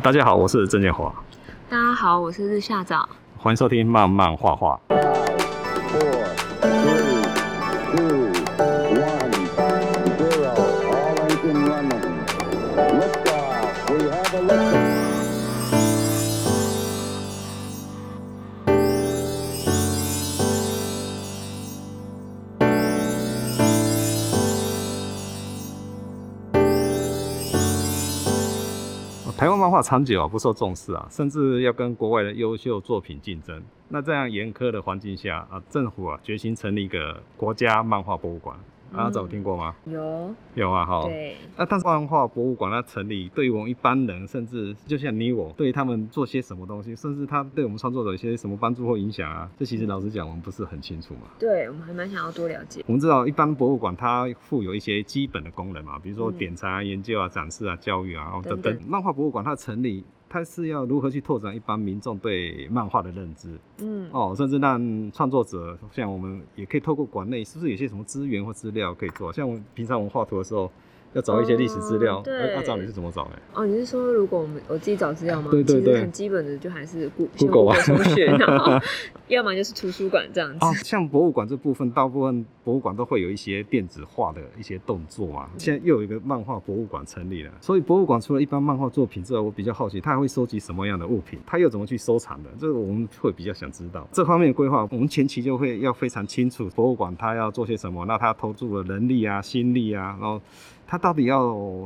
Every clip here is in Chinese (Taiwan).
大家好，我是鄭建華。大家好，我是日下棗。歡迎收聽漫漫畫畫。啊，長久啊，不受重視啊，甚至要跟國外的優秀作品競爭。那這樣嚴苛的環境下啊，政府啊決心成立一個國家漫畫博物館。啊，這有聽過嗎？嗯、有有啊，好。對，那、啊、但是漫畫博物館它成立，對於我們一般人，甚至就像你我，對於他們做些什麼東西，甚至他對我們創作者有一些什麼幫助或影響啊，這其實老實講，我們不是很清楚嘛。嗯、對，我們還蠻想要多了解。我們知道一般博物館它附有一些基本的功能嘛，比如說典藏、嗯、研究啊、展示啊、教育啊等等。漫畫等博物館它成立。他是要如何去拓展一般民眾對漫畫的認知？嗯，哦，甚至讓創作者像我們也可以透過館內，是不是有些什麼資源或資料可以做？像我們平常我們畫圖的時候。要找一些歷史資料，那照、哦啊、你是怎麼找的哦？你是說如果我們我自己找資料嗎？對對對，很基本的就還是 Google 啊，什麼學校啊，不然 要麼就是圖書館這樣子。啊、哦，像博物館這部分，大部分博物館都會有一些電子化的一些動作啊。嗯、現在又有一個漫畫博物館成立了，所以博物館除了一般漫畫作品之外，我比較好奇他還會收集什麼樣的物品，他又怎麼去收藏的？這個我們會比較想知道。這方面的規劃，我們前期就會要非常清楚博物館他要做些什麼，那他投注了人力啊、心力啊，然後。他到底要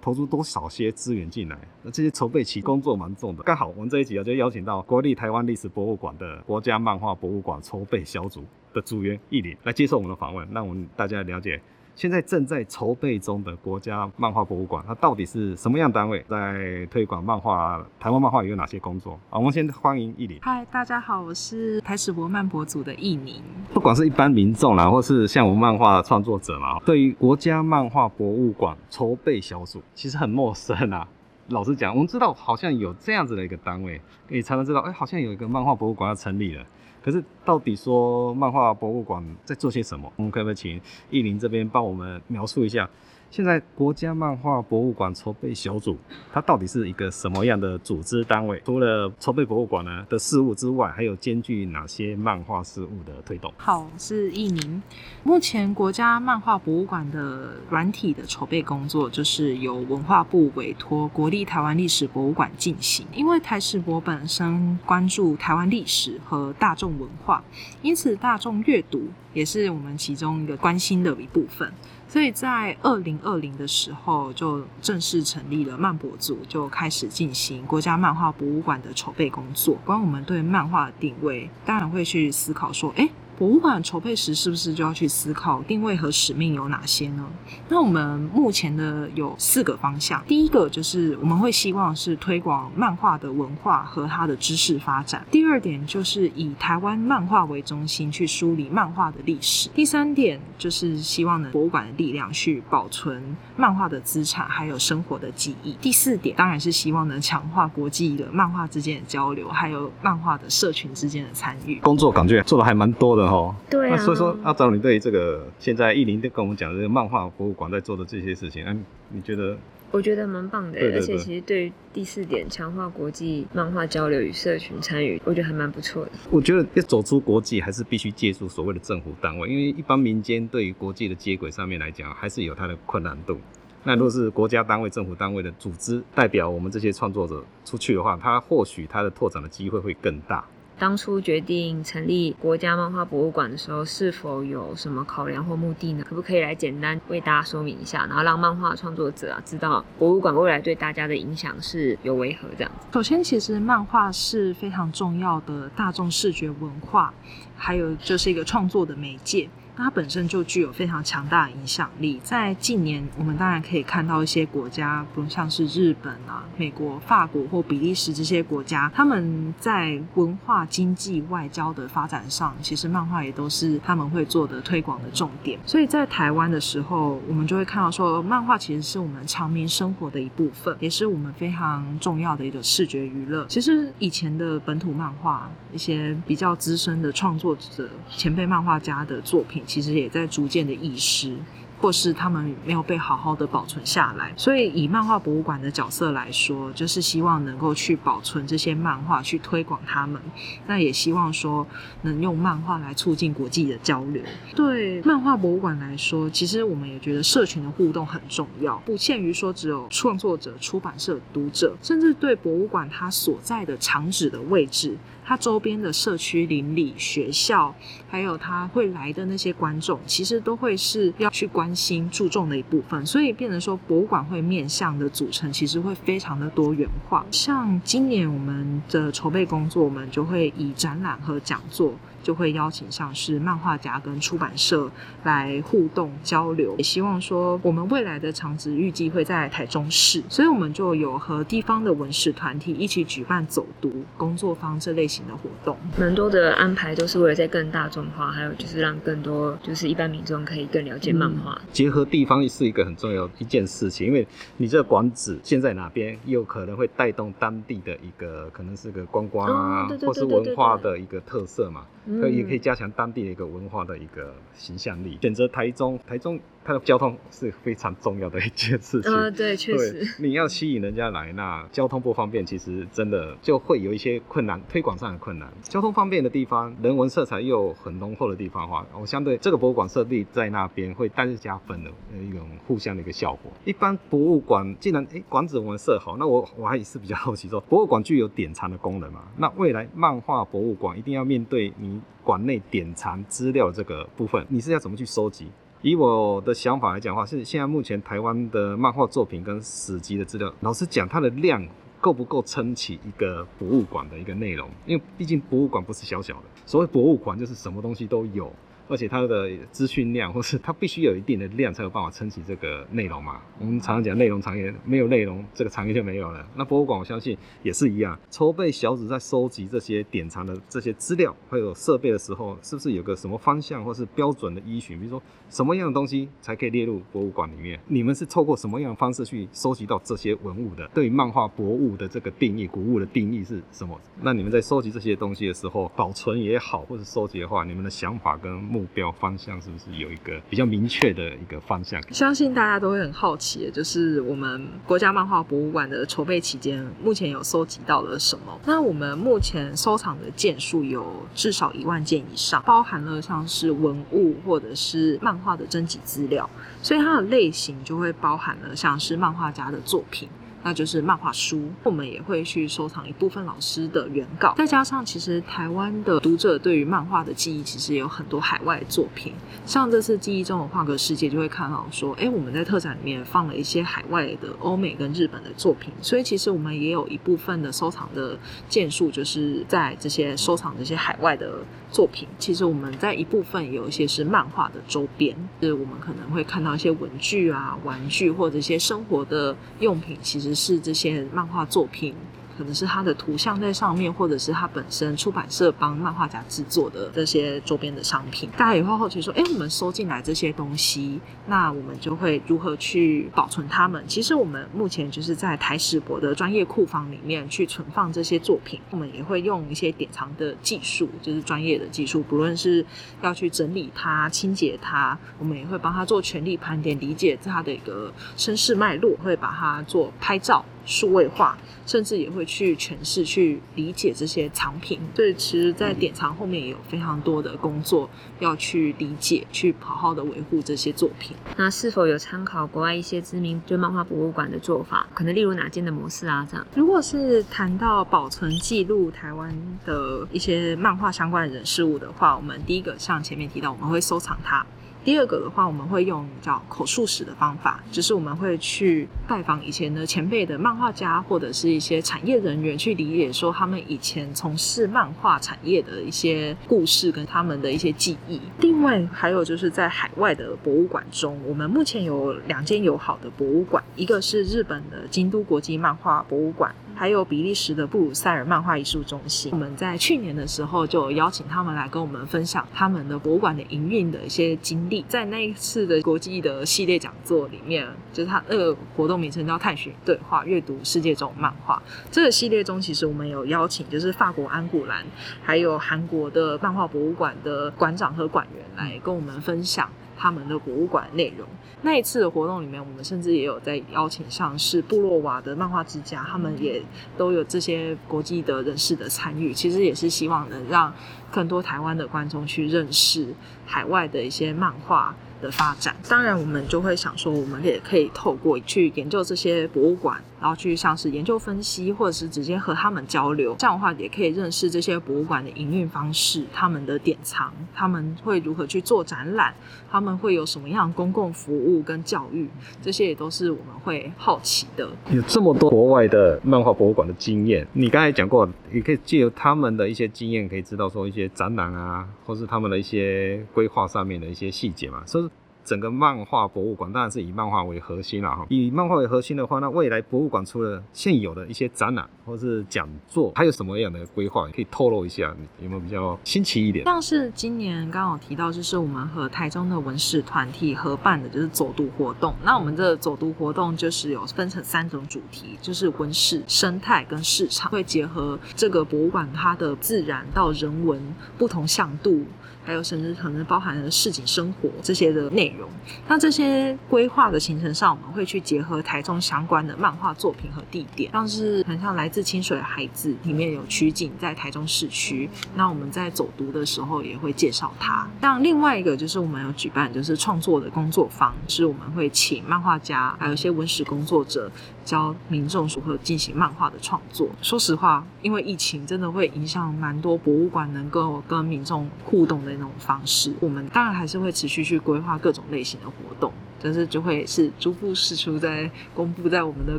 投資多少些資源進來？那這些籌備期工作蠻重的。剛好我們這一集啊，就邀請到國立台灣歷史博物館的國家漫畫博物館籌備小組的組員翊寧來接受我們的訪問，讓我們大家了解。現在正在籌備中的國家漫畫博物館，它到底是什麼樣單位？在推廣漫畫，台灣漫畫有哪些工作啊？我們先歡迎翊寧。嗨，大家好，我是台史博漫博組的翊寧。不管是一般民眾啦，或是像我們漫畫的創作者啦，對於國家漫畫博物館籌備小組其實很陌生啊。老實講，我們知道好像有這樣子的一個單位，也常常知道，哎，好像有一個漫畫博物館要成立了。可是，到底說漫畫博物館在做些什麼？我們可不可以請翊寧這邊幫我們描述一下？現在國家漫畫博物館籌備小組，它到底是一個什麼樣的組織單位？除了籌備博物館呢的事務之外，還有兼具哪些漫畫事務的推動？好，我是翊寧。目前國家漫畫博物館的軟體的籌備工作，就是由文化部委託國立台灣歷史博物館進行。因為台史博本身關注台灣歷史和大眾文化，因此大眾閱讀也是我們其中一個關心的一部分。所以在二零二零的時候就正式成立了漫博組，就開始進行國家漫畫博物館的籌備工作。關於我們對漫畫的定位，當然會去思考說，哎、欸。博物館籌備時是不是就要去思考定位和使命有哪些呢？那我們目前的有四個方向，第一個就是我們會希望是推廣漫畫的文化和它的知識發展；第二點就是以台灣漫畫為中心去梳理漫畫的歷史；第三點就是希望呢博物館的力量去保存漫畫的資產還有生活的記憶；第四點當然是希望能強化國際的漫畫之間的交流，還有漫畫的社群之間的參與。工作感覺做得還蠻多的。很對啊。那、啊、所以說，阿、啊、張，你對這個現在翊寧跟我們講的這個漫畫博物館在做的這些事情，嗯、啊，你覺得？我覺得蠻棒的，對對對，而且其實對於第四點，強化國際漫畫交流與社群參與，我覺得還蠻不錯的。我覺得要走出國際，還是必須借助所謂的政府單位，因為一般民間對於國際的接軌上面來講，還是有它的困難度。那如果是國家單位、政府單位的組織代表我們這些創作者出去的話，他或許他的拓展的機會會更大。當初決定成立國家漫畫博物館的時候，是否有什麼考量或目的呢？可不可以來簡單為大家說明一下，然後讓漫畫創作者啊知道博物館未來對大家的影響是有為何這樣子？首先，其實漫畫是非常重要的大眾視覺文化，還有就是一個創作的媒介。那它本身就具有非常強大的影響力。在近年，我們當然可以看到一些國家，比如像是日本啊、美國、法國或比利時這些國家，他們在文化、經濟、外交的發展上，其實漫畫也都是他們會做的推廣的重點。所以在台灣的時候，我們就會看到說，漫畫其實是我們常民生活的一部分，也是我們非常重要的一個視覺娛樂。其實以前的本土漫畫，一些比較資深的創作者、前輩漫畫家的作品。其實也在逐漸的遺失，或是他們沒有被好好的保存下來。所以以漫畫博物館的角色來說，就是希望能夠去保存這些漫畫，去推廣他們。那也希望說，能用漫畫來促進國際的交流。對，漫畫博物館來說，其實我們也覺得社群的互動很重要，不限於說只有創作者、出版社、讀者，甚至對博物館它所在的場址的位置。它周邊的社區鄰里、學校，還有他會來的那些觀眾，其實都會是要去關心、注重的一部分。所以，變成說博物館會面向的組成，其實會非常的多元化。像今年我們的籌備工作，我們就會以展覽和講座，就會邀請像是漫畫家跟出版社來互動交流。也希望說，我們未來的場址預計會在台中市，所以我們就有和地方的文史團體一起舉辦走讀工作坊這類。型的活動，蠻多的安排都是為了在更大眾化，還有就是讓更多就是一般民眾可以更了解漫畫、嗯。結合地方是一個很重要的一件事情，因為你這個館址現在哪邊，有可能會帶動當地的一個可能是一個觀光啊，哦、對對對對或是文化的一個特色嘛。對對對對對可也可以加強當地的一個文化的一個形象力。選擇台中，台中它的交通是非常重要的一件事情。啊、嗯，對，確實。你要吸引人家來，那交通不方便，其實真的就會有一些困難，推廣上的困難。交通方便的地方，人文色彩又很濃厚的地方的話，話、哦、我相對這個博物館設立在那邊，會單是加分的一種互相的一個效果。一般博物館既然哎，館址我們設好，那我我還是比較好奇說，博物館具有典藏的功能嘛？那未來漫畫博物館一定要面對你。館內典藏資料這個部分，你是要怎麼去收集？以我的想法來講的話，是現在目前台灣的漫畫作品跟史籍的資料，老實講，它的量夠不夠撐起一個博物館的一個內容？因為畢竟博物館不是小小的，所謂博物館就是什麼東西都有。而且它的資訊量，或是它必須有一定的量，才有辦法撐起這個內容嘛。我們常常講內容產業，沒有內容這個產業就沒有了。那博物館我相信也是一樣。籌備小組在收集這些典藏的這些資料，還有設備的時候，是不是有個什麼方向或是標準的依循？比如說什麼樣的東西才可以列入博物館裡面？你們是透過什麼樣的方式去收集到這些文物的？對於漫畫博物的這個定義，古物的定義是什麼？那你們在收集這些東西的時候，保存也好，或者收集的話，你們的想法跟目標方向是不是有一個比較明確的一個方向？相信大家都會很好奇，就是我們國家漫畫博物館的籌備期間，目前有蒐集到了什麼？那我們目前收藏的件數有至少一萬件以上，包含了像是文物或者是漫畫的徵集資料，所以它的類型就會包含了像是漫畫家的作品。那就是漫畫書，我們也會去收藏一部分老師的原稿，再加上其實台灣的讀者對於漫畫的記憶，其實也有很多海外作品，像這次記憶中的畫格世界就會看到說，哎、欸，我們在特展裡面放了一些海外的歐美跟日本的作品，所以其實我們也有一部分的收藏的件數，就是在這些收藏這些海外的。作品其實我們在一部分有一些是漫畫的周邊，就是我們可能會看到一些文具啊、玩具或者一些生活的用品，其實是這些漫畫作品。可能是它的圖像在上面，或者是它本身出版社幫漫畫家製作的這些週邊的商品。大家也會好奇說：“哎、欸，我們收進來這些東西，那我們就會如何去保存它們？”其實我們目前就是在台史博的專業庫房裡面去存放這些作品。我們也會用一些典藏的技術，就是專業的技術，不論是要去整理它、清潔它，我們也會幫它做權利盤點，理解它的一個身世脈絡，會把它做拍照。數位化，甚至也會去詮釋、去理解這些藏品。所以，其實，在典藏後面也有非常多的工作，嗯、要去理解、去好好的維護這些作品。那是否有參考國外一些知名的漫畫博物館的做法？可能例如哪間的模式啊？這樣，如果是談到保存記錄台灣的一些漫畫相關的人事物的話，我們第一個像前面提到，我們會收藏它。第二個的話，我們會用叫口述史的方法，就是我們會去拜訪以前的前輩的漫畫家或者是一些產業人員，去理解說他們以前從事漫畫產業的一些故事跟他們的一些記憶。另外還有就是在海外的博物館中，我們目前有兩間友好的博物館，一個是日本的京都國際漫畫博物館。還有比利時的布魯塞爾漫畫藝術中心，我們在去年的時候就邀請他們來跟我們分享他們的博物館的營運的一些經歷。在那一次的國際的系列講座裡面，就是他那個活動名稱叫“探尋對話，閱讀世界中漫畫”。這個系列中，其實我們有邀請，就是法國安古蘭，還有韓國的漫畫博物館的館長和館員來跟我們分享。他們的博物館內容，那一次的活動裡面，我們甚至也有在邀請上是布洛瓦的漫畫之家，他們也都有這些國際的人士的參與。其實也是希望能讓更多台灣的觀眾去認識海外的一些漫畫的發展。當然，我們就會想說，我們也可以透過去研究這些博物館，然後去像是研究分析，或者是直接和他們交流，這樣的話也可以認識這些博物館的營運方式、他們的典藏、他們會如何去做展覽、他們會有什麼樣公共服務跟教育，這些也都是我們會好奇的。有這麼多國外的漫畫博物館的經驗，你剛才講過，也可以借由他們的一些經驗，可以知道說一些展覽啊，或是他們的一些規劃上面的一些細節嘛，所以。整個漫畫博物館當然是以漫畫為核心了哈。以漫畫為核心的話，那未來博物館除了現有的一些展覽或是講座，還有什麼樣的規劃可以透露一下？有沒有比較新奇一點？像是今年剛好提到，就是我們和台中的文史團體合辦的，就是走讀活動。那我們的走讀活動就是有分成三種主題，就是文史、生態跟市場，會結合這個博物館它的自然到人文不同向度。還有甚至可能包含了市井生活這些的內容。那這些規劃的形成上，我們會去結合台中相關的漫畫作品和地點，像是很像來自清水的孩子裡面有取景在台中市區。那我們在走讀的時候也會介紹它。那另外一個就是我們有舉辦就是創作的工作坊，就是我們會請漫畫家還有一些文史工作者。教民眾如何進行漫畫的創作。說實話，因為疫情真的會影響蠻多博物館能夠跟民眾互動的那種方式。我們當然還是會持續去規劃各種類型的活動，但是就會是逐步釋出在公布在我們的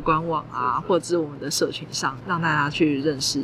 官網啊，或者是我們的社群上，讓大家去認識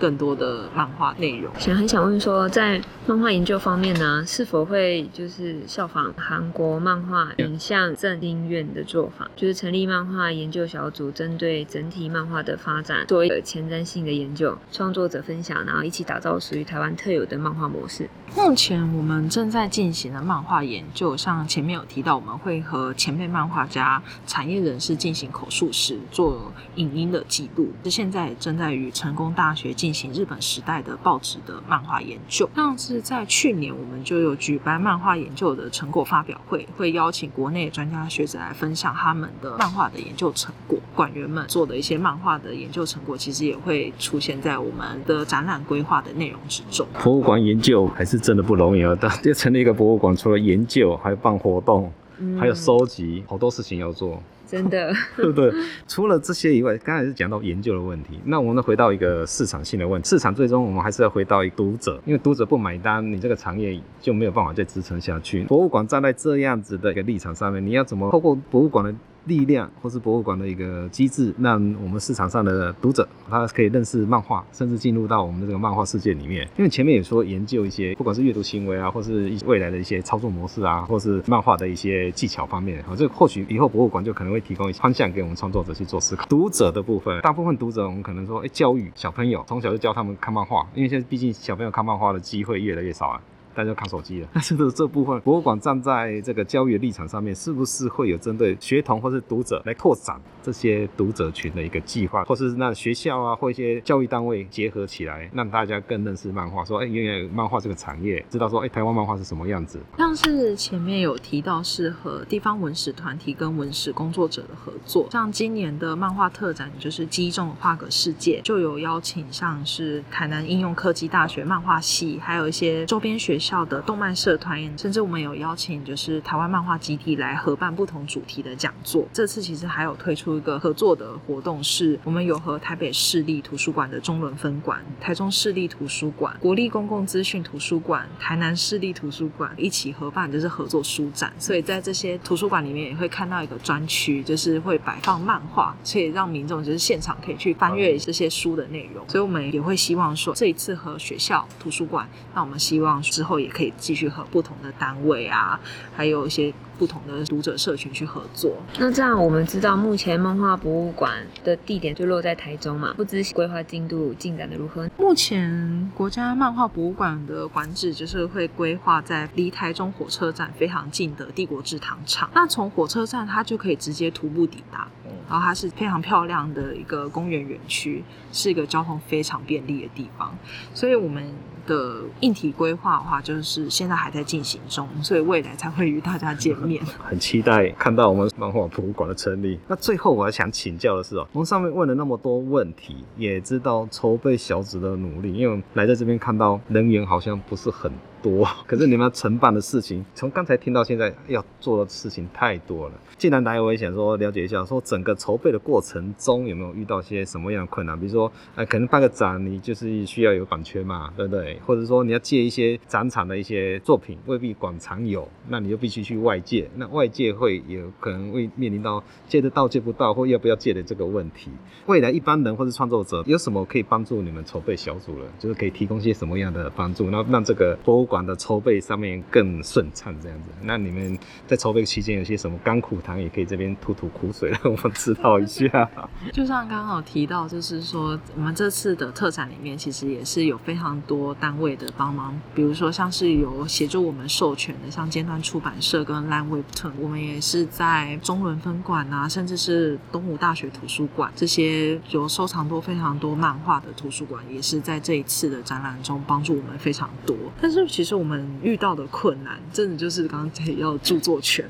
更多的漫畫內容。想很想問說，在漫畫研究方面呢，是否會就是效仿韓國漫畫映像振興院的做法，就是成立漫畫研究小組。組針對整體漫畫的發展做一個前瞻性的研究、創作者分享，然後一起打造屬於台灣特有的漫畫模式。目前我們正在進行的漫畫研究，像前面有提到，我們會和前輩漫畫家、產業人士進行口述史做影音的記錄。現在也正在與成功大學進行日本時代的報紙的漫畫研究。像是在去年，我們就有舉辦漫畫研究的成果發表會，會邀請國內專家學者來分享他們的漫畫的研究成果。館員們做的一些漫畫的研究成果，其實也會出現在我們的展覽規劃的內容之中。博物館研究還是真的不容易啊！的， 就成立一個博物館，除了研究，還有辦活動，嗯、還有收集，好多事情要做。真的， 對不對？ 除了這些以外，剛才是講到研究的問題，那我們回到一個市場性的問題。市場最終我們還是要回到一個讀者，因為讀者不買單，你這個產業就沒有辦法再支撐下去。嗯、博物館站在這樣子的一個立場上面，你要怎麼透過博物館的？力量，或是博物館的一個機制，讓我們市場上的讀者，他可以認識漫畫，甚至進入到我們的這個漫畫世界裡面。因為前面也說，研究一些不管是閱讀行為啊，或是未來的一些操作模式啊，或是漫畫的一些技巧方面啊，這或許以後博物館就可能會提供一些方向給我們創作者去做思考。讀者的部分，大部分讀者我們可能說，誒，教育小朋友，從小就教他們看漫畫，因為現在畢竟小朋友看漫畫的機會越來越少啊。大家看手機了，但是的這部分，博物館站在這個教育的立場上面，是不是會有針對學童或是讀者來拓展這些讀者群的一個計劃，或是讓學校啊或一些教育單位結合起來，讓大家更認識漫畫？說，哎，原來漫畫這個產業，知道說，哎，台灣漫畫是什麼樣子？像是前面有提到是和地方文史團體跟文史工作者的合作，像今年的漫畫特展就是《記憶中的畫格世界》，就有邀請像是台南應用科技大學漫畫系，還有一些週邊學校。校的動漫社團，甚至我們有邀請，就是台灣漫畫集體來合辦不同主題的講座。這次其實還有推出一個合作的活動，是我們有和台北市立圖書館的中崙分館、台中市立圖書館、國立公共資訊圖書館、台南市立圖書館一起合辦，就是合作書展。所以在這些圖書館裡面也會看到一個專區，就是會擺放漫畫，所以讓民眾就是現場可以去翻閱這些書的內容。所以我們也會希望說，這一次和學校圖書館，那我們希望之後。也可以繼續和不同的單位啊，還有一些不同的讀者社群去合作。那這樣我們知道，目前漫畫博物館的地點就落在台中嘛？不知規劃進度進展的如何？目前國家漫畫博物館的館址就是會規劃在離台中火車站非常近的帝國制糖廠。那從火車站它就可以直接徒步抵達，然後它是非常漂亮的一個公園園區，是一個交通非常便利的地方。所以我們。的硬體規劃的話，就是現在還在進行中，所以未來才會與大家見面。 很期待看到我們漫畫博物館的成立。那最後我還想請教的是哦，從上面問了那麼多問題，也知道籌備小組的努力，因為來在這邊看到人員好像不是很。多，可是你們要承辦的事情，從剛才聽到現在要做的事情太多了。既然來，我也想說了解一下，說整個籌備的過程中有沒有遇到些什麼樣的困難？比如說，呃，可能辦個展，你就是需要有版權嘛，對不對？或者說你要借一些展場的一些作品，未必館藏有，那你就必須去外借，那外借會有可能會面臨到借得到借不到，或要不要借的這個問題。未來一般人或者創作者有什麼可以幫助你們籌備小組的，就是可以提供些什麼樣的幫助，那讓這個博物館。館的籌備上面更順暢，這樣子。那你們在籌備期間有些什麼甘苦談也可以這邊吐吐苦水，讓我知道一下。 就像剛剛有提到，就是說我們這次的特展裡面，其實也是有非常多單位的幫忙。比如說像是有協助我們授權的，像尖端出版社跟 LINE WEBTOON，我們也是在中崙分館啊，甚至是東吳大學圖書館這些有收藏多非常多漫畫的圖書館，也是在這一次的展覽中幫助我們非常多。但是其實。其實我們遇到的困難，真的就是剛剛要著作權。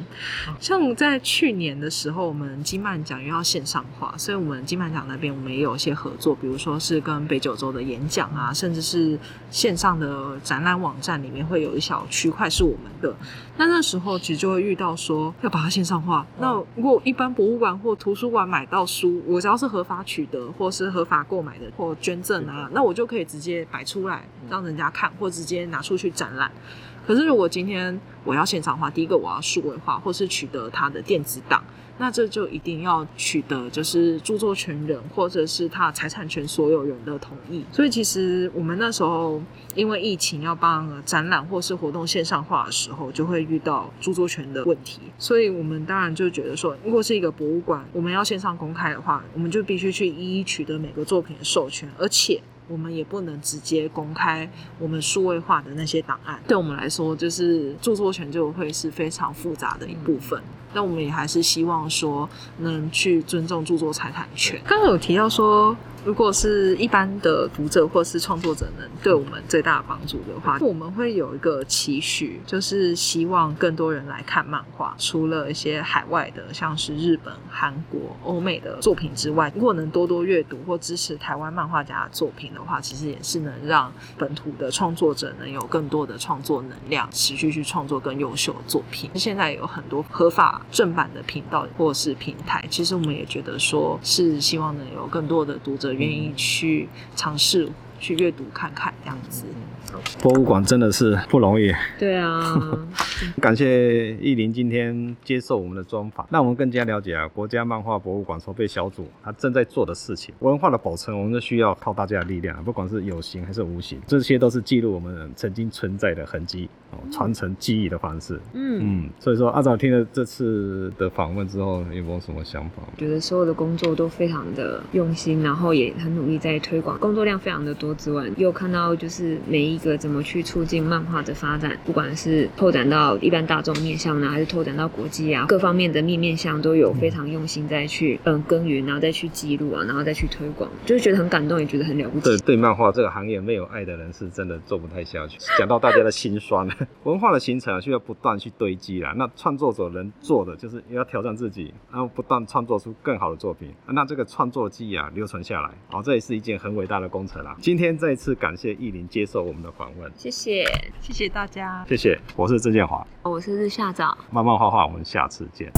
像在去年的時候，我們金漫獎又要線上化，所以我們金漫獎那邊我們也有一些合作，比如說是跟北九州的演講啊，嗯、甚至是線上的展覽網站裡面會有一小區塊是我們的。嗯、那那時候其實就會遇到說要把它線上化。那如果一般博物館或圖書館買到書，我只要是合法取得或是合法購買的或捐贈啊，嗯、那我就可以直接擺出來讓人家看，或直接拿出去。展覽，可是如果今天我要現場化，第一個我要數位化，或是取得他的電子檔，那這就一定要取得就是著作權人或者是他財產權所有人的同意。所以其實我們那時候因為疫情要幫展覽或是活動線上化的時候，就會遇到著作權的問題。所以我們當然就覺得說，如果是一個博物館，我們要線上公開的話，我們就必須去一一取得每個作品的授權，而且。我們也不能直接公開我們數位化的那些檔案，對我們來說，就是著作權就會是非常複雜的一部分。但我們也還是希望說，能去尊重著作財產權。剛剛有提到說。如果是一般的讀者或是創作者能對我們最大的幫助的話，我們會有一個期許，就是希望更多人來看漫畫。除了一些海外的，像是日本、韓國、歐美的作品之外，如果能多多閱讀或支持台灣漫畫家的作品的話，其實也是能讓本土的創作者能有更多的創作能量，持續去創作更優秀的作品。現在有很多合法正版的頻道或是平台，其實我們也覺得說是希望能有更多的讀者。嗯，願意去嘗試去閱讀看看這樣子。Okay. 博物館真的是不容易。對啊， 感謝翊寧今天接受我們的專訪，讓我們更加了解啊國家漫畫博物館籌備小組他正在做的事情。文化的保存，我們都需要靠大家的力量，不管是有形還是無形，這些都是記錄我們曾經存在的痕跡，傳、嗯、承記憶的方式。嗯嗯，所以說阿、啊、早聽了這次的訪問之後，有沒有什麼想法？覺得所有的工作都非常的用心，然後也很努力在推廣，工作量非常的多之外，又看到就是每一。一個怎麼去促進漫畫的發展，不管是拓展到一般大眾面向呢、啊，還是拓展到國際啊，各方面的面面相都有非常用心在去嗯耕耘、嗯，然後再去記錄啊，然後再去推廣，就是覺得很感動，也覺得很了不起。對對，對漫畫這個行業沒有愛的人是真的做不太下去。講到大家的心酸， 文化的形成啊，需要不斷去堆積啊。那創作者能做的，就是要挑戰自己，然後不斷創作出更好的作品。那這個創作記憶啊，留存下來，好、哦，這也是一件很偉大的工程啦。今天再一次，感謝翊寧接受我們。的訪問，謝謝，謝謝大家，謝謝。我是鄭建華，我是日下棗，漫漫畫畫，我們下次見。